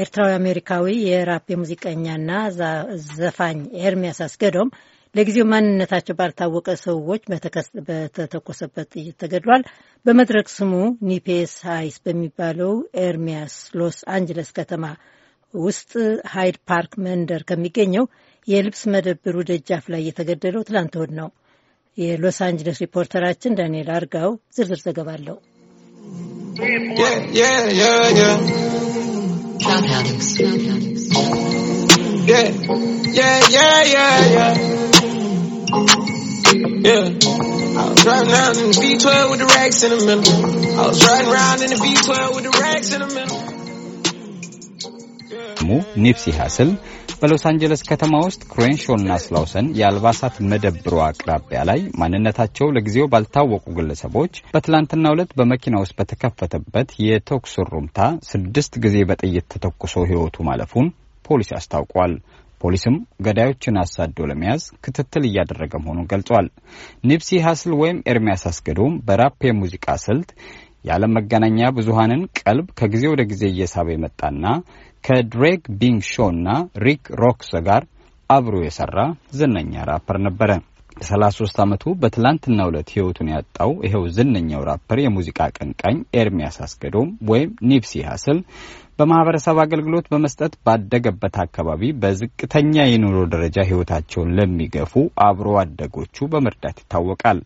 ኤርትራዊ አሜሪካዊ የራፕ ሙዚቀኛና ዘፋኝ ኤርሚያስ አስገዶም ለጊዜው ማንነታቸው ባልታወቀ ሰዎች በተተኮሰበት ጥይት ተገድሏል። በመድረክ ስሙ ኒፔስ ሃይስ በሚባለው ኤርሚያስ ሎስ አንጀለስ ከተማ ውስጥ ሃይድ ፓርክ መንደር ከሚገኘው የልብስ መደብሩ ደጃፍ ላይ የተገደለው ትላንት እሁድ ነው። የሎስ አንጅለስ ሪፖርተራችን ዳንኤል አርጋው ዝርዝር ዘገባ አለው። ሙ ኒፕሲ ሀስል በሎስ አንጀለስ ከተማ ውስጥ ክሬንሾና ስላውሰን የአልባሳት መደብሩ አቅራቢያ ላይ ማንነታቸው ለጊዜው ባልታወቁ ግለሰቦች በትላንትና ዕለት በመኪና ውስጥ በተከፈተበት የተኩስ ሩምታ ስድስት ጊዜ በጥይት ተተኩሶ ሕይወቱ ማለፉን ፖሊስ አስታውቋል። ፖሊስም ገዳዮችን አሳዶ ለመያዝ ክትትል እያደረገ መሆኑን ገልጿል። ኒፕሲ ሀስል ወይም ኤርሚያስ አስገዶም በራፕ የሙዚቃ ስልት የዓለም መገናኛ ብዙሃንን ቀልብ ከጊዜ ወደ ጊዜ እየሳበ የመጣና ከድሬግ ቢንግ ሾ እና ሪክ ሮክስ ጋር አብሮ የሰራ ዝነኛ ራፐር ነበረ። ሰላሳ ሶስት ዓመቱ በትላንትና ዕለት ህይወቱን ያጣው ይኸው ዝነኛው ራፐር የሙዚቃ አቀንቃኝ ኤርሚያስ አስገዶም ወይም ኒፕሲ ሀስል በማህበረሰብ አገልግሎት በመስጠት ባደገበት አካባቢ በዝቅተኛ የኑሮ ደረጃ ህይወታቸውን ለሚገፉ አብሮ አደጎቹ በመርዳት ይታወቃል።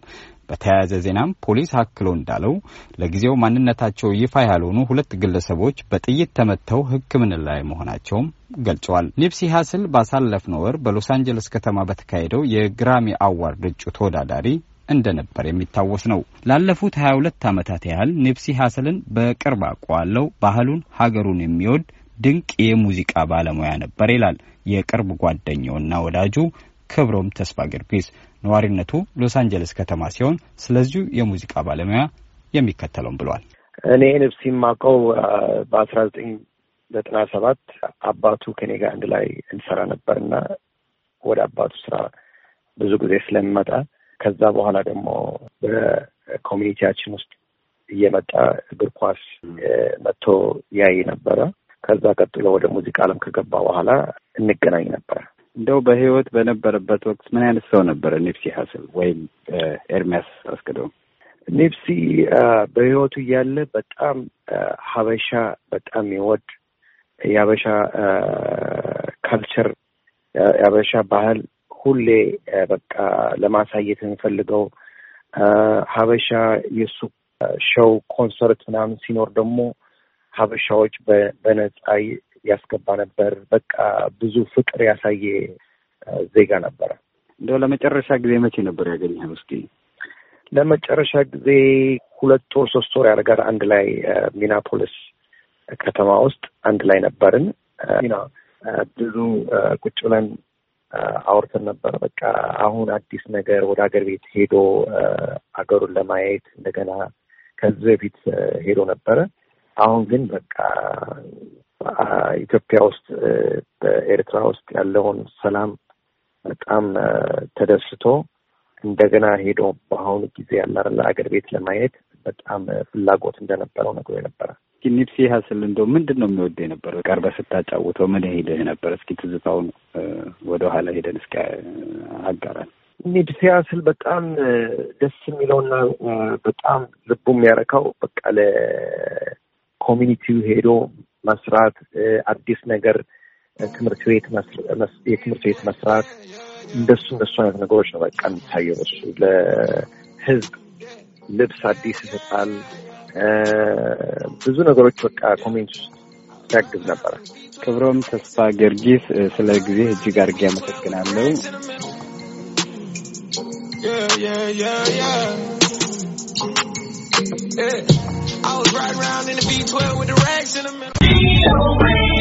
በተያያዘ ዜናም ፖሊስ አክሎ እንዳለው ለጊዜው ማንነታቸው ይፋ ያልሆኑ ሁለት ግለሰቦች በጥይት ተመተው ሕክምና ላይ መሆናቸውም ገልጸዋል። ኒፕሲ ሀስል ባሳለፍነው ወር በሎስ አንጀለስ ከተማ በተካሄደው የግራሚ አዋርድ እጩ ተወዳዳሪ እንደነበር የሚታወስ ነው። ላለፉት 22 ዓመታት ያህል ኒፕሲ ሀስልን በቅርብ አውቀዋለሁ። ባህሉን፣ ሀገሩን የሚወድ ድንቅ የሙዚቃ ባለሙያ ነበር ይላል የቅርብ ጓደኛውና ወዳጁ ክብሮም ተስፋ ጊዮርጊስ ነዋሪነቱ ሎስ አንጀለስ ከተማ ሲሆን ስለዚሁ የሙዚቃ ባለሙያ የሚከተለውን ብሏል። እኔ ንብስ የማውቀው በአስራ ዘጠኝ ዘጠና ሰባት አባቱ ከኔ ጋር አንድ ላይ እንሰራ ነበር እና ወደ አባቱ ስራ ብዙ ጊዜ ስለሚመጣ ከዛ በኋላ ደግሞ በኮሚኒቲያችን ውስጥ እየመጣ እግር ኳስ መጥቶ ያይ ነበረ። ከዛ ቀጥሎ ወደ ሙዚቃ ዓለም ከገባ በኋላ እንገናኝ ነበረ። እንደው በህይወት በነበረበት ወቅት ምን አይነት ሰው ነበረ ኒፕሲ ሀስል ወይም ኤርሚያስ አስገዶም? ኒፕሲ በህይወቱ እያለ በጣም ሀበሻ በጣም ይወድ የሀበሻ ካልቸር የሀበሻ ባህል ሁሌ በቃ ለማሳየት የሚፈልገው ሀበሻ የእሱ ሸው ኮንሰርት ምናምን ሲኖር ደግሞ ሀበሻዎች በነጻ ያስገባ ነበር። በቃ ብዙ ፍቅር ያሳየ ዜጋ ነበረ። እንደው ለመጨረሻ ጊዜ መቼ ነበር ያገኘ? እስኪ ለመጨረሻ ጊዜ ሁለት ወር ሶስት ወር ያደርጋል። አንድ ላይ ሚኒያፖሊስ ከተማ ውስጥ አንድ ላይ ነበርን። ብዙ ቁጭ ብለን አውርተን ነበር በቃ አሁን አዲስ ነገር ወደ ሀገር ቤት ሄዶ አገሩን ለማየት እንደገና ከዚህ በፊት ሄዶ ነበረ። አሁን ግን በቃ ኢትዮጵያ ውስጥ በኤርትራ ውስጥ ያለውን ሰላም በጣም ተደስቶ እንደገና ሄዶ በአሁኑ ጊዜ ያላረላ አገር ቤት ለማየት በጣም ፍላጎት እንደነበረው ነግሮ የነበረ ኒፕሲ ሀስል እንደው ምንድን ነው የሚወደ የነበረ ቀርበ ስታጫውተው ምን ሄደህ ነበር? እስኪ ትዝታውን ወደኋላ ሄደን እስኪ አጋራል። ኒፕሲ ሀስል በጣም ደስ የሚለውና በጣም ልቡ የሚያረካው በቃ ለኮሚኒቲው ሄዶ መስራት፣ አዲስ ነገር ትምህርት ቤት የትምህርት ቤት መስራት፣ እንደሱ እንደሱ አይነት ነገሮች ነው በቃ የሚታየው። እሱ ለህዝብ ልብስ አዲስ ይሰጣል። ብዙ ነገሮች በቃ ኮሜንት ውስጥ ያግዝ ነበረ። ክብሮም ተስፋ ገርጊስ ስለ ጊዜ እጅግ አድርጌ አመሰግናለሁ። away.